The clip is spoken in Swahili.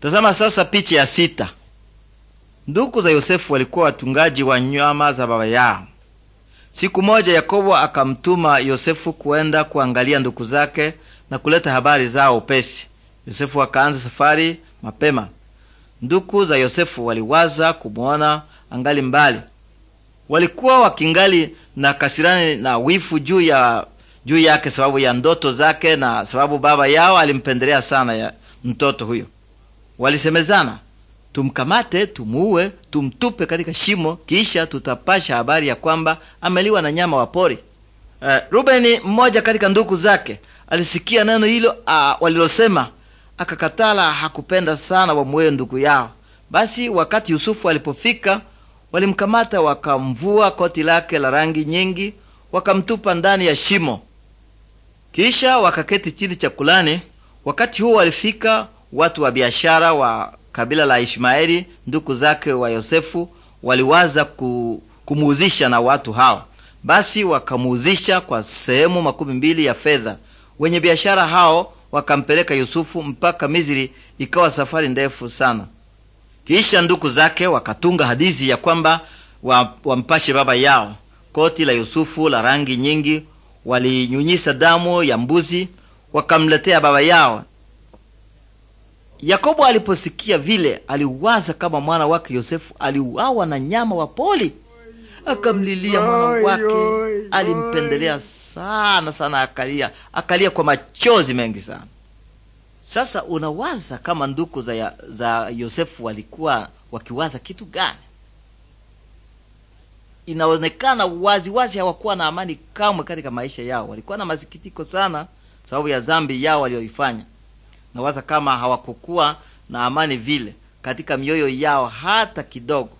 Tazama sasa picha ya sita. Ndugu za Yosefu walikuwa watungaji wa nyama za baba yao. Siku moja Yakobo akamtuma Yosefu kuenda kuangalia ndugu zake na kuleta habari zao upesi. Yosefu akaanza safari mapema. Ndugu za Yosefu waliwaza kumuona angali mbali. Walikuwa wakingali na kasirani na wifu juu ya juu yake sababu ya ndoto zake na sababu baba yao alimpendelea sana ya mtoto huyo. Walisemezana, tumkamate, tumuue, tumtupe katika shimo, kisha tutapasha habari ya kwamba ameliwa na nyama wa pori. Uh, eh, Rubeni, mmoja katika ndugu zake, alisikia neno hilo uh, walilosema, akakatala, hakupenda sana wamuue ndugu yao. Basi wakati Yusufu alipofika, walimkamata wakamvua koti lake la rangi nyingi, wakamtupa ndani ya shimo, kisha wakaketi chini chakulani. Wakati huo walifika watu wa biashara wa kabila la Ishmaeli, ndugu zake wa Yosefu, waliwaza ku, kumuuzisha na watu hao. Basi wakamuuzisha kwa sehemu makumi mbili ya fedha. Wenye biashara hao wakampeleka Yusufu mpaka Misri, ikawa safari ndefu sana. Kisha ndugu zake wakatunga hadithi ya kwamba wampashe baba yao. Koti la Yusufu la rangi nyingi walinyunyisa damu ya mbuzi, wakamletea baba yao Yakobo aliposikia vile, aliwaza kama mwana wake Yosefu aliuawa na nyama wa poli. Akamlilia mwana wake, alimpendelea sana sana, akalia akalia kwa machozi mengi sana. Sasa unawaza kama nduku za, ya, za Yosefu walikuwa wakiwaza kitu gani? Inaonekana waziwazi hawakuwa na amani kamwe katika maisha yao. Walikuwa na masikitiko sana sababu ya dhambi yao waliyoifanya Nawaza kama hawakukuwa na amani vile katika mioyo yao hata kidogo.